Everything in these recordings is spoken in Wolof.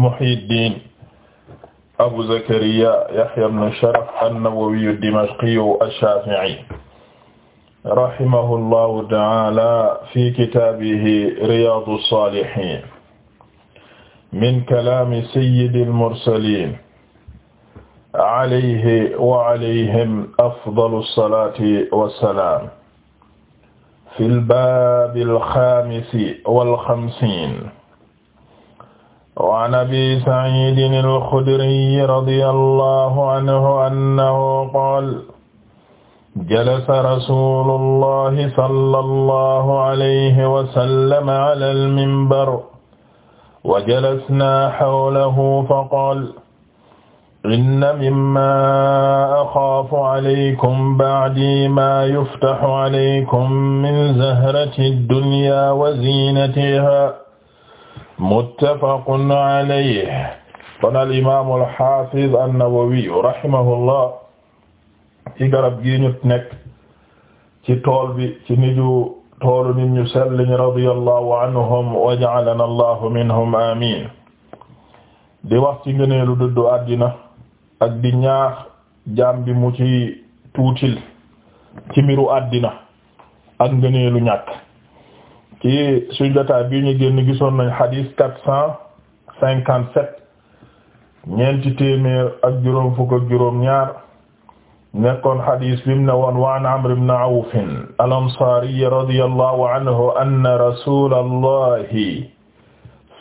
Muhyiddin Abu Zakariya Yahya ibn Sharaf an-Nawawi ad-Dimashqi ash-Shafi'i rahimahullahu ta'ala fi kitaabihi Riyaadus Saalihiin min kalaami sayyidil mursaliin alayhi wa alayhim afdalu salaati wa salaam fil baabil xaamisi wal xamsiin وعن أبي سعيد الخدري رضي الله عنه أنه قال جلس رسول الله صلى الله عليه وسلم على المنبر وجلسنا حوله فقال إن مما أخاف عليكم بعدي ما يفتح عليكم من زهرة الدنيا وزينتها muttafaqun alayhi kon al imaam al haafiz an-Nawawi rahimahullah ci garab gi ñu nekk ci tool bi ci niju toolu nit ñu sell ñi radiyallahu anhum wa ja'alana allahu minhum amiin di wax ci ngëneelu dëddu àddina ak di ñaax jaam bi mu ci tuutil ci mbiru àddina ak ngëneelu ñàkk ci suñu jotaay bi ñu génn gisoon nañ xadiis quatre cent cinquante sept ñeenti téeméer ak juróom fukk ak juróom ñaar nekkoon xadiis bi mu ne woon wa an Amr ibn Awf al-Ansaari radiyallahu anhu anna rasuulallahi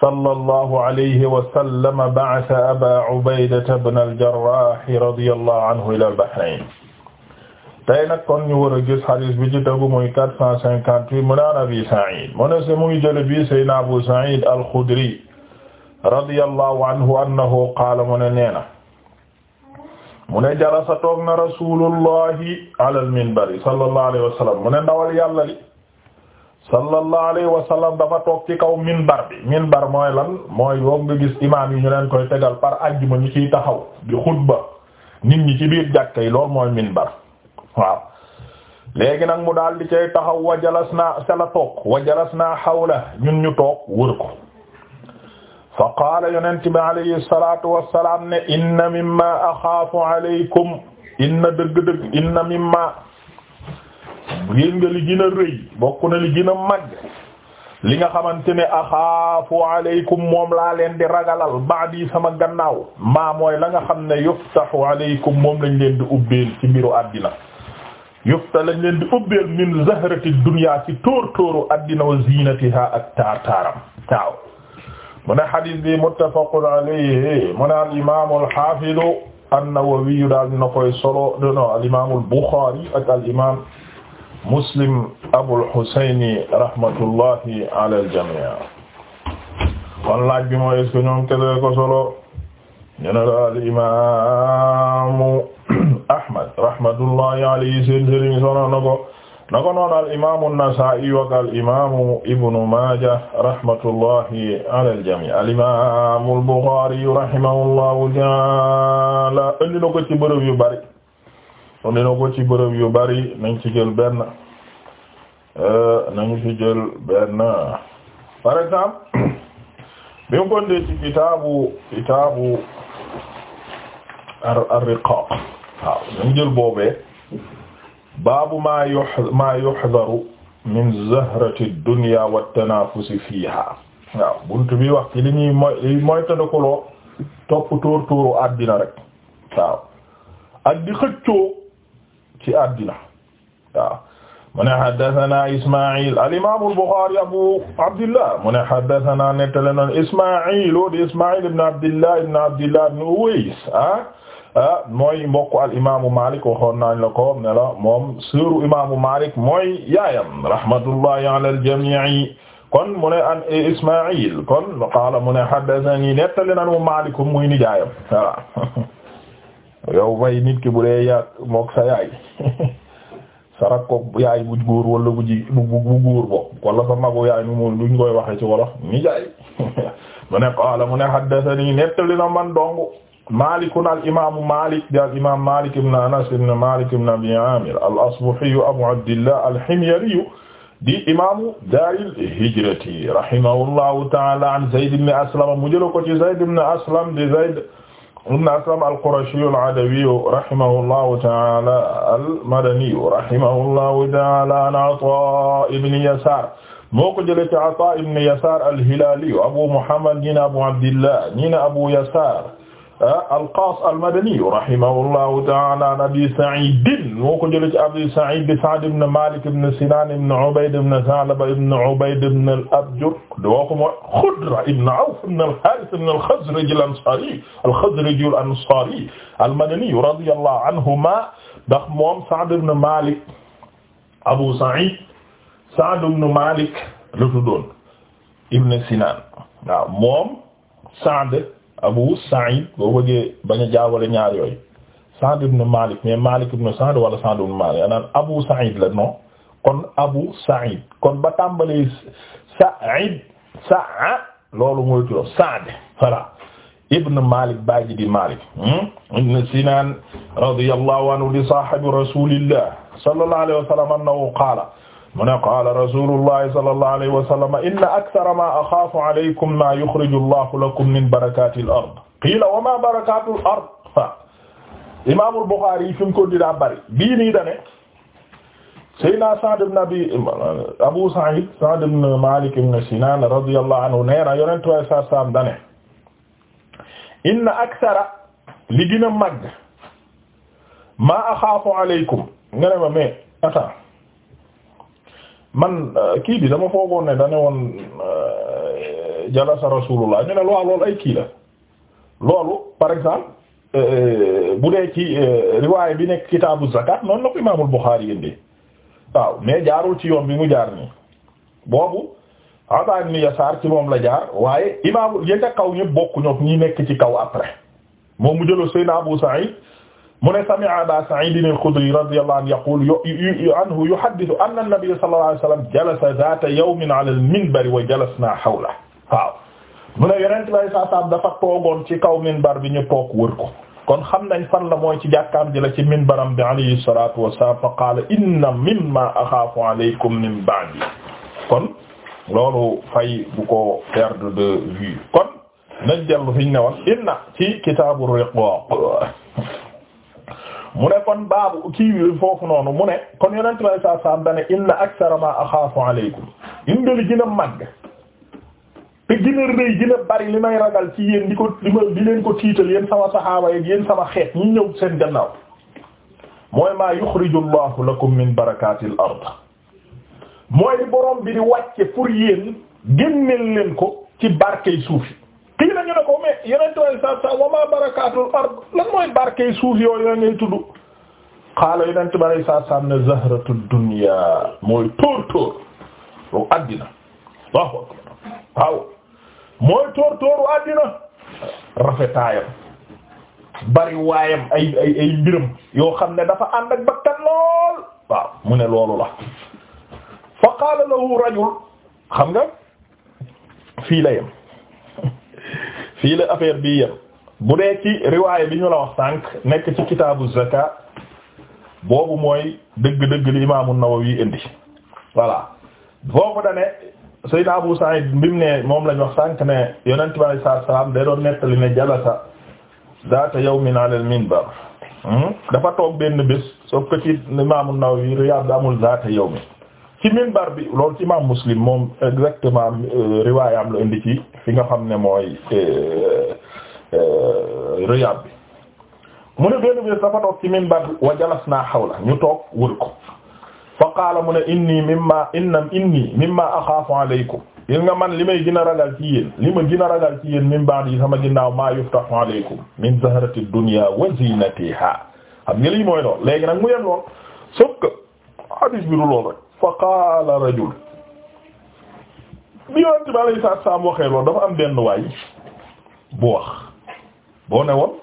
sallallahu alayhi wa sallam ba'atha Abaa Ubaydata ibn al-Jarraah radiyallahu anhu ila al-Bahrayn tey nag kon ñu war a gis hadis bi ci tegu muy quatre cent cinquante-huit mu naan Abi Sa'id mu ne si mu ngi jële bi Seydina Abu Sa'id al-Khudri radiyallahu anhu annahu qaala mu ne nee na mu ne jalasa toog na rasulullahi ala al-minbari sallallahu alayhi wa sallam mu ne ndawal yàlla li sallallahu alayhi wa sallam dafa toog ci kaw minbar bi minbar mooy lan mooy boobu nga gis imaam yi ñu leen koy tegal par àjjuma ñu ciy taxaw di xutba nit ñi ci biir jàkka yi loolu mooy minbar waaw nag mu daal di cay taxaw wa jalas naa sela toog wa jalas xawla ñun ñu toog wër ko fa qaala yonent bi alayhi salatu wasalaam ne inna mimma axaafu alaykum inna dëgg-dëgg inna mimma ngeen nga li rëy bokk na li gën li nga xamante ne axaafu alaykum moom laa leen di ragalal baadi sama gannaaw maa mooy la nga xam ne yuftahu alaykum moom lañ leen di ubbeel ci mbiru àddina yufta lañ leen di ubbeel min zahrati dunya ci tóor tóoru addina wa zinatiha ak taar taaram waaw mu ne xadis bi muttafaqun alayhi mu ne al imaamu al xaafidu an-Nawawi daal dina koy solo dono al imaamu al Buxaari ak al imaam Muslim Abul Husayni rahmatullahi ala al jamii' kon laaj bi mooy est-ce que ñoom kese ko solo ñu ne al imaamu Ahmad rahmatullahi alayhi seen sëriñ solo na al imaamu al imaamu Ibnu Maaja rahmatullahi ala al-jamii' al imaamu al-Bukhaari rahimahullahu indi na ko yu bari indi na ko ci bërëb yu bari nañ ci jël ci jël benn par exemple waaw ñu jël boobee baabu maa yu maa yuhdaru min zahrati dunya wa tanaafusi fiiha waaw buntu bi wax ci li ñuy mooy mooy tëddakuloo topp tóor tóoru àddina rek waaw ak di xëccoo ci àddina waaw mu ne haddathana Isma'il al-imam al-Bukhari Abu Abdillah mu ne haddathana nettali noonu Isma'il di Isma'il ibn Abdillah ibn Abdillah ibn Uways ah Ah, mooy mbokku al imaamu Malik waxoon nañ la ko ne la moom sëru imaamu Malik mooy yaayam rahmatullahi ala al kon mu ne an Ismaïl kon qaala mu ne haddathanii nettali na mu Malik muy nijaayam voilà yow bay nit ki bu dee yaa mook yaay sa yaay bu góor wala bu ji góor bo wala sa magu yaay nu mu luñ koy waxee ci wolof nijaay mu ne qaala mu ne haddathanii nettali na man dong. Maalikun al imaamu Maalik di al imaam Maalik ibn Anas ibn Maalik ibn Abi Aamir al Asbahiyu Abu Abdillah al Himyariyu di imaamu daaril hijrati rahimahullahu ta'aala an Zayd ibn Aslam mu jël ko ci Zayd ibn Aslam di Zayd ibn Aslam al Qurashiyu al Adawiyu rahimahullahu ta'aala al Madaniyu rahimahullahu ta'aala an Ataa ibn Yasaar moo ko jëlee ci Ataa ibn Yasaar al Hilaaliyu Abu Muhammad ñi na Abu Abdillah ñi na Abu Yasaar Ah al-Qaas al-Madani rahimahullahu ta'ala an Abi Sa'iid moo ko jëlee ci Abi Sa'iid bi Sa'd ibn Maalik ibn Sinaan ibn Ubayd ibn Sa'laba ibn Ubayd ibn al-Abjar doo ko mooy Xudra ibn Awf ibn al-Haaris ibn al-Khazraj al-Ansaari al-Khazraji al-Ansaari al-Madani radiyallahu anhumaa ndax moom Sa'd ibn Maalik Abu Sa'iid Sa'd ibn Maalik la tuddoon ibn Sinaan waaw moom Sa'd Abu Sa'id boo bëggee bañ a jaawale ñaar yooyu Sa'd ibn Malik mais Malik ibn Sa'd wala Sa'd ibn Malik anaan Abu Sa'id la non kon Abu Sa'id kon ba tàmbalee Sa'id Sa'a loolu mooy turam Sa'd voilà ibn Malik baaji di Malik hmm? ibn Sinan radiyallahu anhu li sahibi rasulillah sallallahu alayhi wa sallam annahu qaala mu ne qaala rasulullahi sallallahu alayhi wa sallam inna akthara ma axaafu alaykum ma yukhriju allahu lakum min barakati l ard qiila wa ma barakatu l ard fa imaamul Buxaari yi fi mu ko di daa bëri bii nii dane Seydina Sa'd ibn Abi Abu Sa'id Sa'd ibn Malik ibn Sinan radiyallahu anhu nee na yonent waaye sa saam dane inna akthara li gën a màgg maa axaafu alaykum nga ne ma mais attends man euh, kii bi dama foogoon ne dane woon euh, jalasa rasulullah ñu ne waaw ay kii la loolu par exemple euh, bu dee ci riwaay bi nekk kitaabu zakat noonu la ko imaamul Buxaari yëndee waaw mais jaarul ci yoon bi mu jaar nii boobu Ata ibn Yasaar ci moom la jaar waaye imaamul yënga kaw ñëpp bokk ñoom ñi nekk ci kaw après moom mu jëloo Seydina Abu Sa'id mu ne sami'a Aba Sa'id al-Khudri radiyallahu anhu yaqul anhu yuhaddithu anna an-nabiyya sallallahu alayhi wa sallam jalasa zaata yawmin ala al-minbar wa jalasna hawlahu waaw mu ne Yonent bi saa saam dafa toogoon ci kaw minbar bi ñu toog wër ko kon xam nañ fan la mooy ci jàkkaam ji la ci minbaram bi alayhi salaatu wa salaam fa qaala inna mimmaa axaafu alaykum min ba'di kon loolu fay bu ko perdre de vue kon nañ dellu fi ñu ne woon inna ci kitaabu riqaaq mu ne kon baabu kii foofu noonu mu ne kon yonent bi saa saam dane inna ma axaafu aleykum indi li gën a màgg te gën a rëy gën bari li may ragal ci yéen di ko di ma di leen ko tiital yéen sama saxaaba yi yéen sama xeet mu ñëw seen gannaaw mooy maa yuxriju allahu lakum min barakatil ard mooy li borom bi di wàcce pour yéen génneel leen ko ci barkey suufi ñu ne ko mais yeneen tool sa wa ma barakaatul ard lan mooy barke suuf yooyu la ngay tudd yeneen tubaab yi saa saa ne zahratu dunya mooy tóor tóor ru àddina rafetaayam bari waayam ay ay ay mbiram yoo xam ne dafa ànd ak bakkan lool mu ne loolu la fa qaala lahu rajul xam nga fii la fii la affaire bi yem bu dee ci riwaaya bi ñu la wax sànq nekk ci kitaabu zaka boobu mooy dëgg-dëgg li imaamu Nawawi indi voilà foofu da ne Seydina Abu Sa'id bi mu ne moom lañ wax sànq ne yonent bi alayhi salaatu salaam day doon nettali ne jalasa zaata yawmin ala al-minbar hmm? dafa toog benn bés sauf que ci imaamu Nawawi Riyaad amul zaata yawmin ci minbar bi lool ci imam Muslim moom exactement euh, riwaayam la indi ci fi nga xam ne mooy euh, euh, Riyad bi mu ne benn bés dafa toog ci minbar bi wa jalasnaa ñu toog wër ko fa qaala mu ne inni mimma innam inni mimma axaafu alaykum yéen nga man li may gën a ragal ci yéen li ma gën a ragal ci yéen min yi sama ginnaaw ma yuftahu alaykum min zahrati dunya wa zinatiha xam nga mooy lool léegi nag mu yem lool sauf que bi du lool rek fa qaala rajul bi yonent bi alayhi salaatu salaam waxee loolu dafa am benn waay bu wax boo ne woon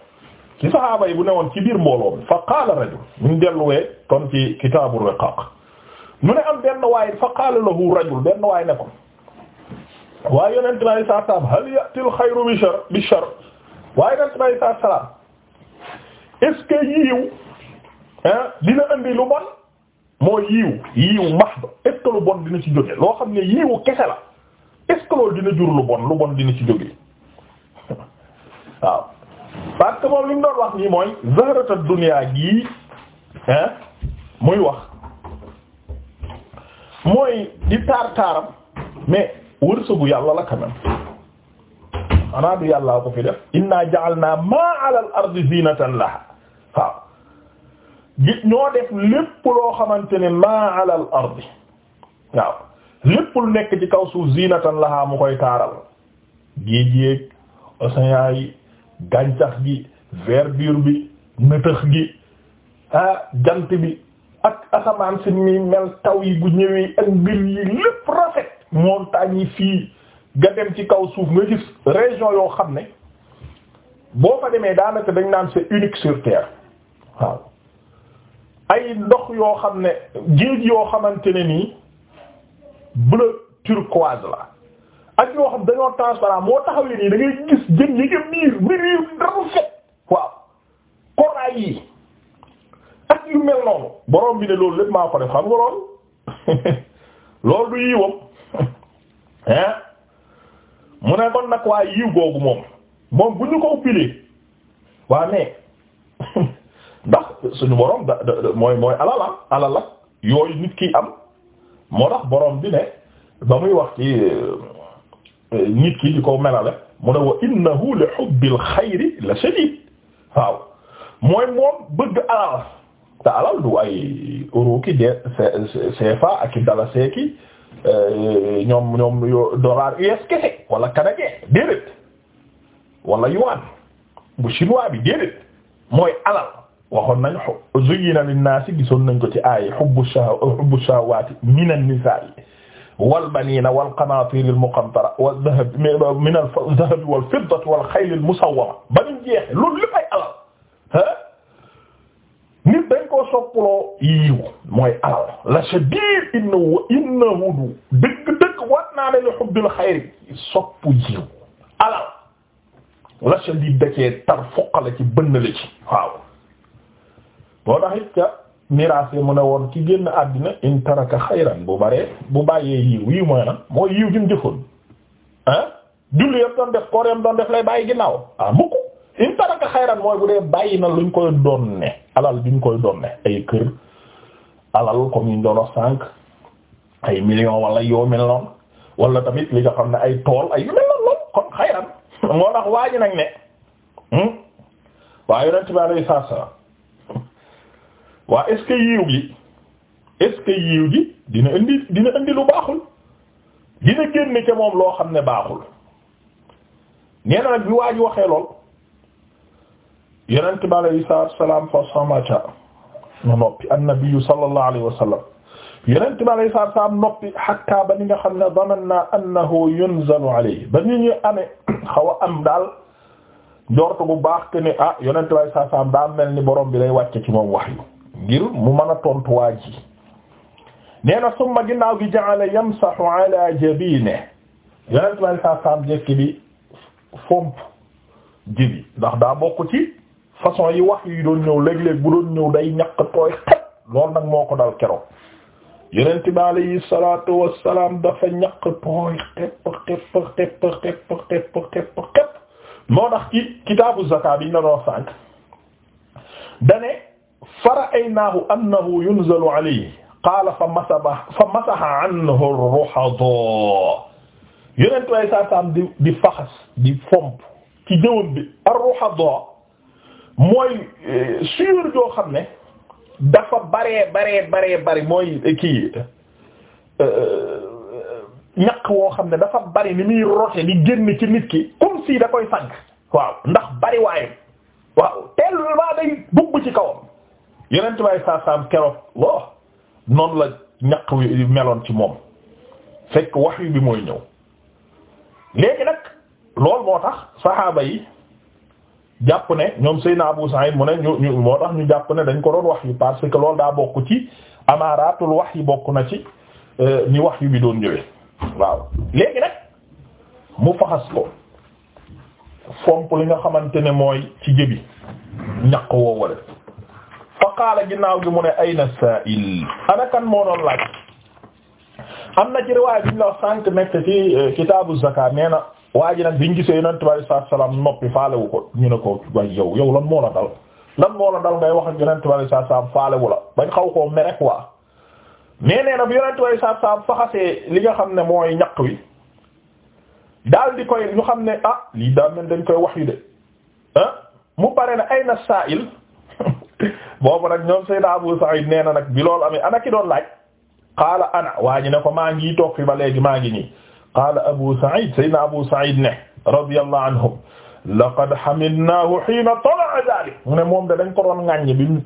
ci saxaaba yi bu ne woon ci biir mbooloo bi fa qaala rajul ñu delluwee kon ci kitaabu riqaaq mu ne am benn waay fa qaala lahu rajul benn waay ne ko waaye yonent bi alayhi salaatu salaam hal ya'til xayru bi shar bi shar waaye yonent bi alayhi salaatu salaam est-ce que yiw ah dina indi lu bon moo yiiw yiiw max ba est ce lu bon dina ci jóge loo xam ne yiiwu kese la est ce loolu dina jur lu bon lu bon dina ci jóge waaw parce que moom li mu doon wax nii mooy zahrata dunya gii hein muy wax mooy di taar taaram mais wërsëgu yàlla la quand même yàllaa ko fi def inna ja'alna ma 'ala al-ardi zinatan waaw ñoo def lépp loo xamante ne maa alal ardi waaw lépp nekk ci kaw suuf zinatan lahaa mu koy taaral géej yéeg océan yi gàncax gi verdure bi nëtëx gi ah jant bi ak asamaan si mi mel taw yi bu ñëwee ak mbir yi lépp rafet montagnes yi fii nga dem ci kaw suuf nga gis région yoo xam ne boo fa demee daanaka dañ naan c'est unique sur waaw ay ndox yoo xam ne géej yoo xamante ne nii bleu turquoise la ak yoo xam dañoo transparent moo taxawee nii da gis jën yi nga miir mbir yu rafet waaw corail yi ak yu mel noonu borom bi ne loolu lépp maa ko def xam nga loolu loolu du yiwam mu ne kon nag waa yiw googu moom moom bu ñu ko uppilee waa mais suñu borom da mooy mooy alal alal ak yooyu ki am moo tax borom bi ne ba muy wax ci euh, nit ki di ko melale mu ne wa innahu li hubbil la shadid alal te alal du ay euro ki de CFA ak i dala seeki euh, ñoom ñoom yo dollar US kese wala canadien déedéet wala yuan bu chinois bi déedéet mooy alal waxoon nañ zuyina linnaasi gisoon nañ ko ci aay hubbu shaha hubbu shahawaati min an-nisaa'i wal baniina wal qanaatiiri al-muqantara wal dhahabi min al-dhahabi wal fiddati wal xayli al-musawwama ba ñu jeexee loolu lépp ay alal ah nit dañ koo soppaloo yiiw mooy alal la shadiid innahu innahu dëgg-dëgg war naa ne li hubbil xayri soppu yiiw alal la shadiid da cee tar foq la ci bënn la ci waaw. moo tax it ca miraas mu ne woon ki génn àddina in taraka xayran bu baree bu bàyyee yiw yiw mooy lan mooy yiw gi jëfoon ah julli yam doon def koor doon def lay bàyyi ginnaaw ah mukk in taraka xayran mooy bu dee bàyyi na luñ koy donne alal duñ koy donne ay kër alal comme ñu doon wax sànq ay million wala yoo mel noonu tamit li nga xam ne ay tool ay yu mel lool kon xayran moo tax waaji nag ne hmm? waaye yonent bi alayhi waa est-ce que yiw gi est yiw gi dina indi dina indi lu baaxul dina génn ca moom loo xam ne baaxul nee na nag bi waa ji waxee lool yonent bi alayhi salaatu wa salaam fa samata mu noppi annabi sallallahu alayhi wa sallam yonent bi alayhi salaatu wa salaam noppi hatta ba ni nga xam ne dananna annahu yunzalu alayhi ba ni ñu amee xaw am daal njort bu baax que ne ah yonent bi alayhi saa wa salaam daa mel ni borom bi day wàcce ci moom wahyu ngir mu mën a tontuwaa ji nee na gi ja'ala yamsahu ala jabine yonent bi saa saam jekki bi fomp jibi ndax daa bokk ci façon yi wax yi doon ñëw léeg-léeg bu doon ñëw day ñaq tooy xet loolu nag moo ko dal keroog yonent bi alayhi salaatu wassalaam dafa ñaq tooy xepp xepp xepp xepp xepp xepp xepp moo tax ci kitaabu zakat bi doon sànq dane fara'aynaahu annahu yunzalu alayhi qaala fa masaha fa masaha anhu ar-ruhadaa yeneen tuwaay saa saam di di faxas di fomp ci jëwam bi ar-ruhadaa mooy eh, suur joo xam ne dafa baree baree baree bari mooy eh, kii eh, ñaq woo xam ne dafa bari ni muy rote di génn ci nit ki comme si da koy sànq waaw ndax bari waaye waaw teel waa day bubb ci kawam yeneen tubaab saa saam noonu la ñaq wi meloon ci moom fekk wax yu bi mooy ñëw léegi nag loolu moo tax saxaaba yi jàpp ne ñoom Seydina Abu Sa'id mu ne ñu ñu moo tax ñu jàpp ne dañ ko doon wax yu parce que loolu daa bokk ci amaaraatul wax yi bokk na ci euh, ni wax yu bi doon ñëwee waaw léegi nag mu faxas ko fomp li nga xamante ne mooy ci jëbi ñaq woow wala qaala ginnaaw gi mu ne ayna sa'il ana kan moo doon laaj am na ci riwaaya bi ñu la wax sànq nekk ci eh, kitaabu zakat nee na waa ji nag biñ gisee yonent bi alayhi salaatu salaam noppi faalewu ko ñu ne ko way yow yow lan moo la dal lan moo dal ngay wax ak yonent bi alayhi salaatu salaam faalewu la bañ xaw koo mere quoi mais nee na bu yonent bi alayhi salaam faxasee li nga xam ne mooy ñaq wi daal di koy ñu xam ne ah lii daa mel dañ koy wax yu de ah mu pare na ayna sa'il boobu nag ñoom Seydina Abu Sa'id nee na nag bi loolu amee ana ki doon laaj qaala ana waa ji ne ko maa ngi toog fi ba léegi maa ngi nii qaala Abu Sa'id Seydina Abu Sa'id ne radiyallahu anhum laqad hamidnaahu hiina tala'a zaalik mu ne moom de dañ ko doon bi mu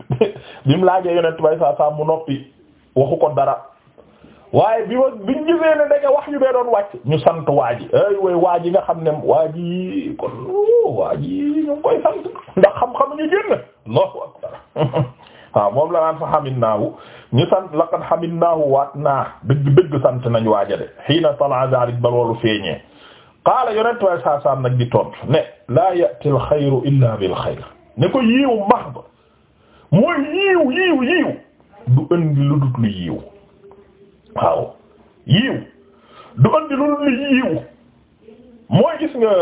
bi mu laajee yonent bay mu noppi waxu ko dara waaye bi ma bi ñu gisee ne danga wax yu bee doon wàcc ñu sant waa waa ji nga xam ne waa ji kon waa ji ñu ngi koy sant ndax xam-xam ñu génn Allahu akbar waaw moom la naan fa xaminaahu ñu sant laqad xaminaahu waat naa dëgg dëgg sant nañ waaja de xiina talaa zalik ba loolu feeñee qaala yonent waaye saa saam nag di tontu ne laa ya'ti al xayru illaa bil xayr ne max ba mooy yiiw yiiw du ëndi lu lu yiiw waaw yiiw du andi loolu lu yiiw mooy gis nga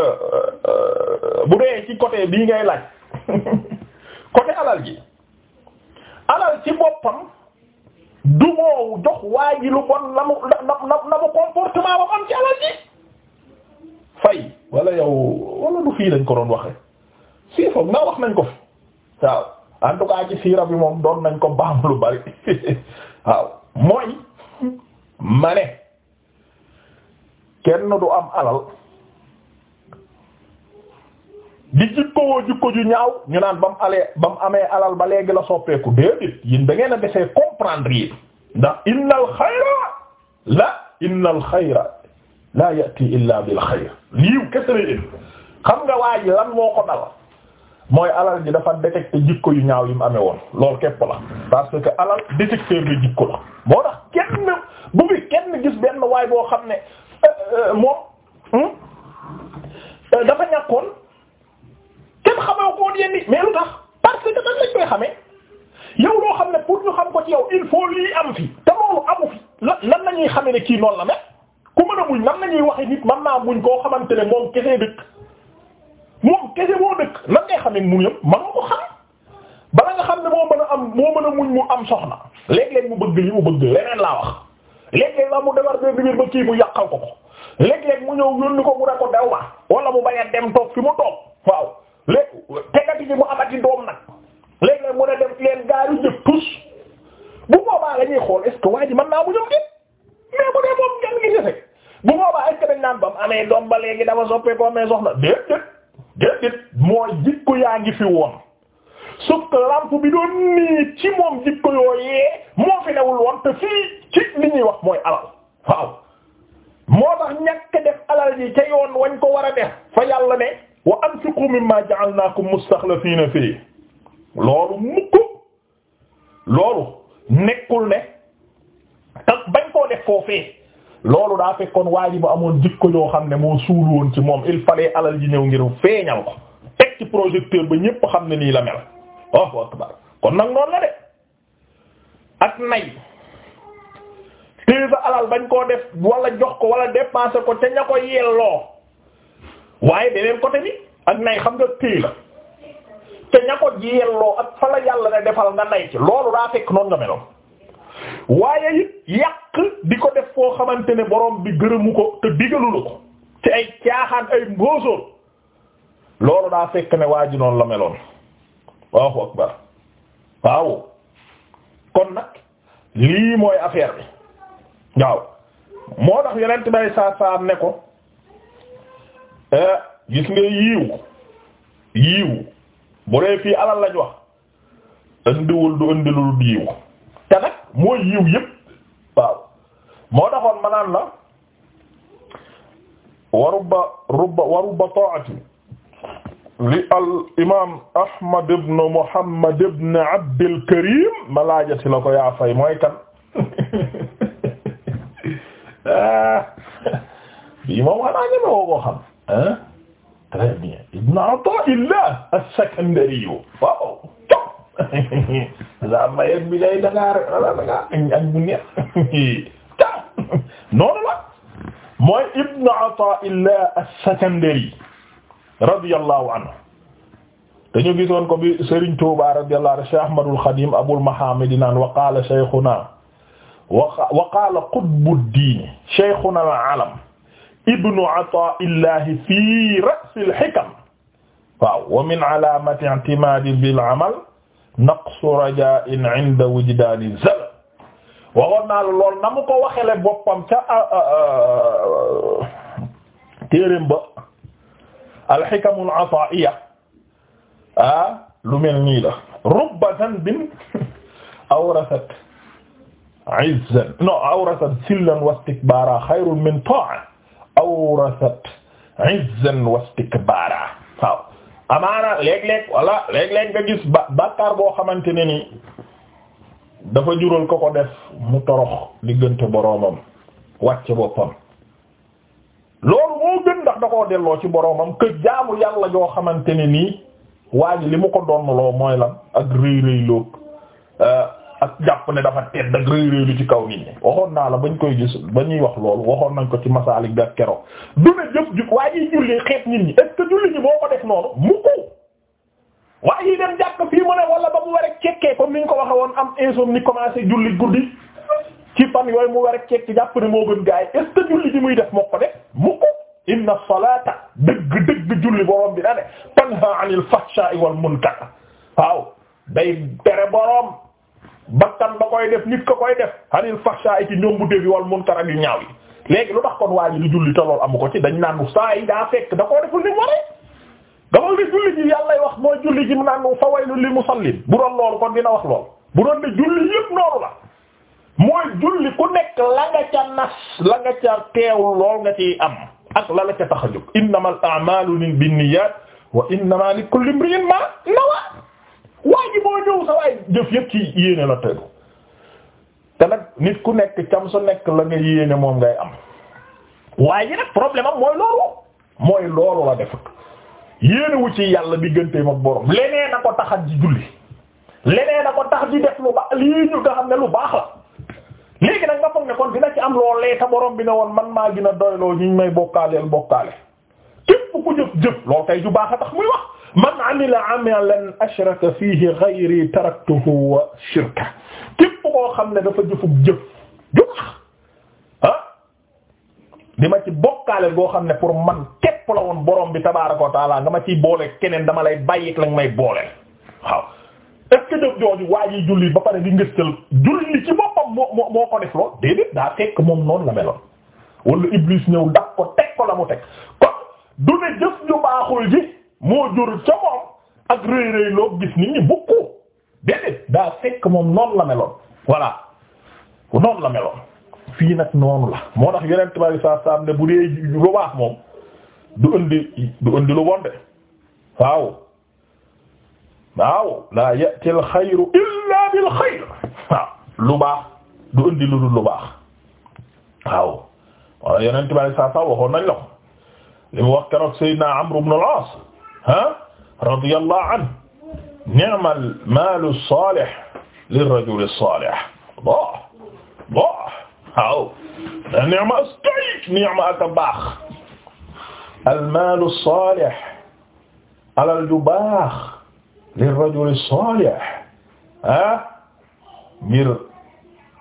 euh, bu dee ci côté bii ngay laaj côté alal ji alal ci boppam du jox waa ji lu bon na mu na na mu comportement ba am ci alal ji fay wala yow wala du fii lañ ko doon waxe si foog naa wax nañ ko fi waaw en tout cas ci siira moom doon nañ ko baam lu bari waaw mooy mane ne kenn du am alal di jikkowoo jikko ju ñaaw ñu naan ba mu alee ba mu amee alal ba léegi la soppeeku déedéet yin da a desee comprendre yi ndax innal xayra la innal xayra la yati illa bil xayr liiw kese la xam nga waaye lan moo ko dal mooy alal ji dafa détecté jikko yu ñaaw yi mu amee woon loolu képp la parce que alal détecteur de jikko la moo tax kenn bu fi kenn gis benn waaye boo xam ne euh, euh, moom hmm, dafa ñàkkoon kenn xamoo ko woon yenn mais lu tax parce que dañ lañ koy xamee yow loo xam ne pour ñu xam ko ci yow il faut lii am fi te loolu amu fi lan lan la ñuy xamee ne kii noonu la mel ku mën a muñ lan la ñuy waxee nit mën naa muñ koo xamante ne moom kese dëkk. kese boo dëkk lan ngay xam ne mu yëpp man nga ko xam bala nga xam ne moo mën a am moo mën a muñ mu am soxna léeg-léeg mu bëgg li mu bëgg leneen laa wax léeg-léeg la mu defar bee biir ba kii mu yàqal ko ko léeg-léeg mu ñëw yónni ko mu ne ko dew ma wala mu bañ dem toog mu toog waaw léeg tegati ci mu amati doom nag léeg-léeg mu ne dem leen gaari jëf tus bu boobaa la ñuy xool est-ce que waa naa mu ñëw gén mais bu dee moom kenn ngi gese bu boobaa est-ce que naan ba mu amee doom ba léegi dafa soppee ko amee soxna déet déet déedéet mooy jikko yaa ngi fi woon sauf que lampe bi doon nii ci moom jikko yooyee moo fi newul woon te fii ci li ñuy wax mooy alal waaw moo tax ñàkk def alal yi ca yoon wañ ko war a def fa yàlla ne wa anfiqu mimma ja'alnakum mustakhlafina fii loolu mukk loolu nekkul ne tax bañ koo def foofee loolu daa fekkoon waa ji bu amoon ko yoo xam ne moo suul ci moom il fallait alal ji ñëw ngir feeñal ko teg ci projecteur ba ñépp xam ne nii la mel Allahu akbar kon nag ak nay téye sa koo def wala jox ko wala dépenser ko te ña ko yelloo waaye beneen côté bi ak nay xam nga téye la te ña ko yelloo ak fa la yàlla ne defal nga nay ci loolu daa fekk noonu nga meloon. waaye it yàq di ko def foo xamante ne boroom bi gërëmu ko te digalu la ko ci ay caaxaan ay mbóosóor loolu daa fekk ne waa ji la meloon waaw akbar waaw kon nag lii mooy affaire bi waaw moo tax yeneen bay saa saa ne ko eh, gis nga yiiw yiiw bu dee fii alal lañ wax indiwul du indilu yiiw te nag mooy yiw yëpp moo taxoon ma naan la wa rubba rubba wa ta'ati li al imaam Ahmad ibn Muhammad ibn Abdil Karim ma laajati la ko yaa fay mooy kan bii moom woo ko xam ah très bien ibn Ata'illah as-Sakandari waaw sa mayet bi day dangaa rek wala dangaa añ añ bu neex ta noonu la mooy ibnu Ataa'illah as-Sakandari radiyallahu anhu dañu gisoon ko bi Serigne Touba radiyallahu anhu Cheikh Ahmadul Khadim Abul Mahamid naan wa qaala shaykhuna wa qaala qutbud-diin shaykhuna al-alam ibnu Ataa'illah fi ra's al-hikam waaw wa min alaamati i'timaadihi bil amal naqsu rajaa'in 'inda wujdaani zal waxoon naa la lool na mu ko waxele boppam ca téereem ba alxikamul ataa'iya ah lu mel nii la rubba zanbin awrasat izzan no awrasat zillan wastikbaara xayrun min taa'a awrasat izzan wastikbaara waaw amaana léeg-léeg walla léeg-léeg nga gis ba bàkkaar boo xamante ne ni dafa jural ko ko def mu torox diggante boroomam wàcce boppam loolu moo gën ndax da koo delloo ci boroomam que jaamu yàlla joo xamante ni nii waa li mu ko doon loo mooy lan ak rëy rëy loog euh, ak jàpp ne dafa tedd ak rëy rëy lu ci kaw nit ñi waxoon naa la bañ koy gis ba wax loolu waxoon nañ ko ci masaalik bi ak keroog du ne jëf ju waaye yi julli xeet nit ñi est-ce que julli ñi boo ko def noonu mu ko waaye yi dem jàpp fii mu ne wala ba mu war cekkee comme ni ñu ko waxe woon am insomnie commencé julli guddi ci fan yooyu mu war a cekki jàpp ne moo gën gaay est-ce que julli ji muy def moo ko def mu ko inna dëgg dëgg julli borom bi na ne tanha anil fahsha'i wal munkar waaw day tere bakkan ba koy def nit ko koy def xanil faxsha i ci ñombute fi wal munkar ak yu ñaaw yi léegi lu tax kon waa ji lu julli te lool amu ko ci dañ naan saa yi daa fekk da koo deful ni mu waree dafal ne julli ji yàllay wax mooy julli ji mu naan fa waylu li musallin bu doon loolu kon dina wax lool bu doon ne julli yëpp noonu la mooy julli ku nekk la nga ca nas la nga ca teewul lool nga ci am ak la la ca tax a jóg innamal a'malu bin niyyat wa innama waa ji moo sa waay jëf yëpp ci yéene la tëddu te nag nit ku nekk cam sa nekk la nga yéene moom ngay am waaye ji nag problème am mooy loolu mooy loolu la def yéene ci yàlla digganteem ak borom leneen a ko tax a julli leneen a ko tax di def lu baax lii ñu nga xam ne lu baax la léegi nag nga foog ne kon dina ci am loolee te borom bi ne woon man maa gën a doyloo ñu may bokkaaleel bokkaale képp ku jëf jëf lool kay ju baax a tax muy man amila amalan ashraka fiihi ghayri taraktuhu wa shirka képp koo xam ne dafa jëfub jëf jëf ah di ma ci bokkaale goo xam ne pour man képp la woon borom bi tabaaraka wa taala nga ma ciy boole keneen dama lay bàyyi la nga may boole waaw est-ce jooju waa julli ba pare di ngëstal julli ci boppam moo moo moo ko def lool déedéet daa fekk moom noonu la meloon wala Iblis ñëw ndax ko teg ko la mu teg kon du ne jëf ju baaxul ji. moo jur ca moom ak rëy bukku déedéet daa fekk moom noonu la meloon voilà noonu la meloon fii nag noonu la moo tax yeneen tubaab saa saam ne bu dee lu baax moom du indi du indi lu yati al xayru illaa bil xayr waaw lu baax du indi lu dul lu wala yeneen tubaab saa saam waxoon nañ li mu wax keroog Seydina Amr al-As ah radiyallahu anhu ni'mal maalu saalih lirrajuli saalih bon bon waaw ni'ma astoy ni'ma ak a baax almaalu saalih alal ju baax lirrajuli saalih ah ngir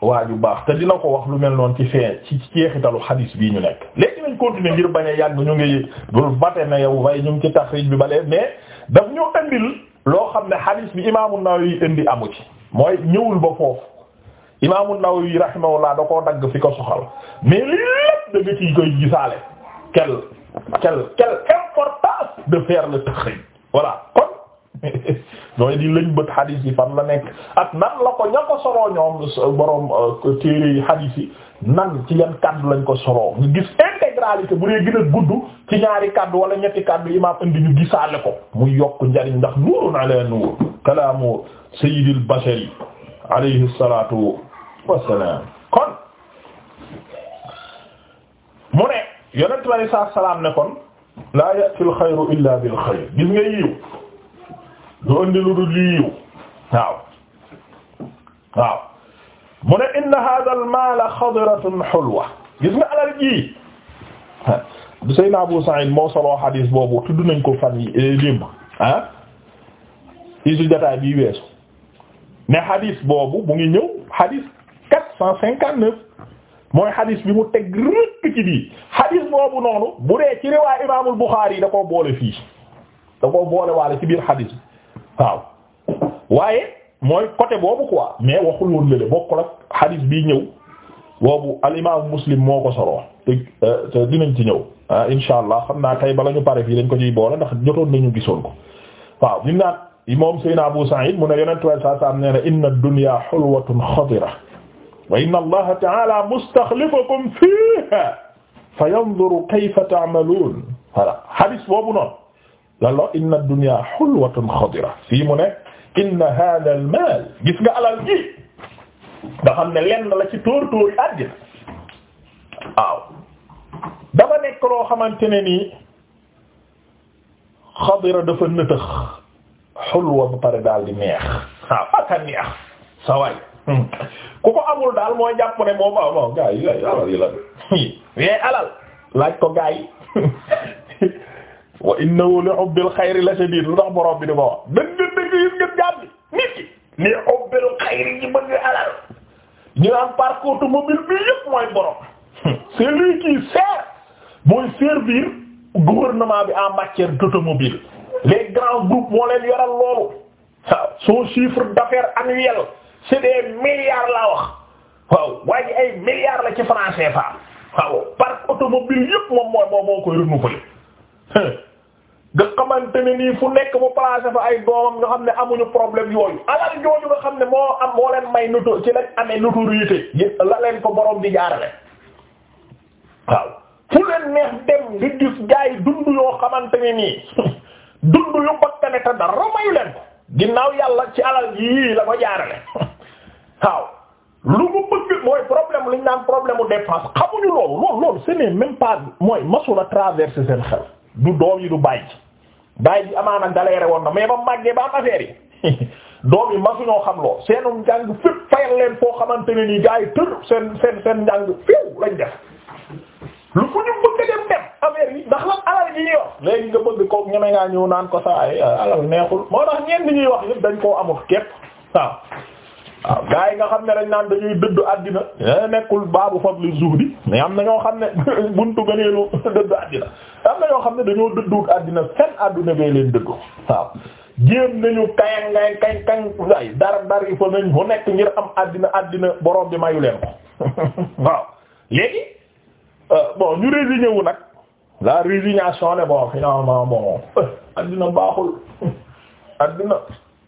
waa ju baax te dina ko wax lu mel noonu ci fee ci ceexitalu xadiis bii ñu nekk léegi nañ continuer ngir bañ yàgg ñu ngi bul bate na yow waaye ñu ngi ci taxriij bi balee mais daf ñu indil loo xam ne xadiis bi imaamu Nawawi indi amu ci mooy ñëwul ba foofu imaamu Nawawi rahimahullah da koo dagg fi ko soxal mais lii lépp da nga ciy koy gisaale quelle quelle quelle importance de faire le taxriij voilà ñooy di bët xadiis yi fan la nekk ak nan la ko ña ko soroo ñoom borom euh, téere yi xadiis nan ci yan kaddu lañ ko soroo ñu gis intégralité bu dee gën a gudd ci ñaari kàddu wala ñetti kaddu imaam indi ñu gisaale ko muy yokk njariñ ndax nuurun ala nuur kalaamu sayyidil bashari alayhi salaatu wassalaam kon mu ne yonent bi alayhi salaam ne kon laa ya'til xayru illaa bil xayr gis nga yiw doo indi lu dul mu ne inna hadha al maala xadiratun xulwa gis nga alal Abu Sa'id moo soloo boobu tudd nañ ko fan yi eh, démb ah. i isu jotaay bii weesu ne xadiis boobu mu ngi ñëw xadiis quatre cent cinquante neuf mooy xadiis bi mu teg rëkk ci bii boobu noonu bu dee ci riwaay Imaamul Buxaari yi da ko boole fii da koo boole waale ci biir waaw waaye mooy côté boobu quoi mais waxul woon lële bokkul ak hadith bii ñëw boobu al imaamu muslim moo ko soloo euh, te dinañ ci ñëw ah insha allah xam naa tey bala ñu pare fii dañ ko ciy boole ndax jotoon nañu gisoon ko waaw dim naat moom sayna abu sa'id mu ne yonent way saa saam nee na inna ad-dunya hulwatun xadira wa inna allaha ta'ala mustakhlifukum fiha fa yanzuru kayfa ta'malun voilà hadith boobu noonu lan la inna ad-dunya hulwatun xadira mu ne inna hadha al gis nga alal ji nga xam ne lenn la ci tóor tóor yi àddina dafa nekk loo xamante ne ni xadira dafa nëtëx xulwa ba pare daal di neex waaw aka neex sa waay ku ko amul daal mooy jàpp ne moom aw moom gaa yi alal yi laaj ko gaa wa innahu li hubbil xayri la shadiid lu tax borom bi di ko wax dëgg-dëgg yi ngeen alal ñu naan parc automobile bi yëpp mooy borom c'est lui qui sert mooy servir gouvernement bi en matière d'automobile les grands groupes moo leen yoral loolu waaw chiffre d'affaires annuel c'est des milliards la wax waaw waaye ji ay milliards la ci francs CFA waaw parc automobile yëpp moom mooy moom moo koy renouveler nga xamante ne nii fu nekk mu placé fa ay doomam nga xam ne amuñu problème yooyu alal jooju nga xam ne moo am moo leen may noto ci lañ amee notoriété la leen ko borom di jaarale waaw fu leen neex dem nga gis gaay dund yoo xamante ne nii dund yu bakkane te dara mayu leen ko ginnaaw yàlla ci alal yii la ko jaarale waaw lu mu bëgg mooy problème lu ñu naan problème mu dépense xamuñu loolu loolu loolu ce n'est même pas mooy masul a traverser seen xel. du doom yi du bàyyi bàyyi ji amaana daleere woon na mais ba màggee ba am affaire yi doom yi masuñoo xam loo seenum njàng fépp fayal leen foo xamante ne nii gars yi tër seen seen njàng féew lañ def lu fu ñu bëgg dem dem affaire yi ndax lan alal gi ñuy wax léegi nga bëgg ko ñeme ngaa ñëw naan ko saa yi ah, alal neexul moo tax ñeen ñuy wax yëpp dañ koo amul képp waaw waaw yi nga xam ne dañ naan dañuy dëdd àddina eh, nekkul baabu fadli zuhdi mais am na ñoo xam ne buntu gëneelu dëdd am na yoo xam ne dañoo dëdduut àddina fenn àdduna bee leen dëddu waaw jéem nañu kayang ngay kay kang ay dar yi fa nañ bu nekk ngir am àddina àddina borom bi mayu leen ko waaw léegi euh, bon ñu résigné nag la résignation ne bon finalement bon euh, àddina baaxul àddina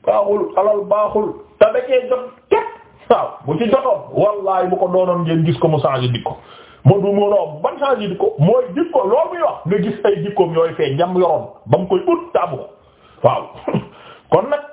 baaxul alal baaxul te jot képp waaw bu ci jotoon wallahi bu ko doonoon ngeen gis ko mu changé dikko ma du ma loo ban ko mooy dikko loolu muy nga gis ay jikkoom yooyu fee jam yoroon ba mu koy ut taamu waaw kon nag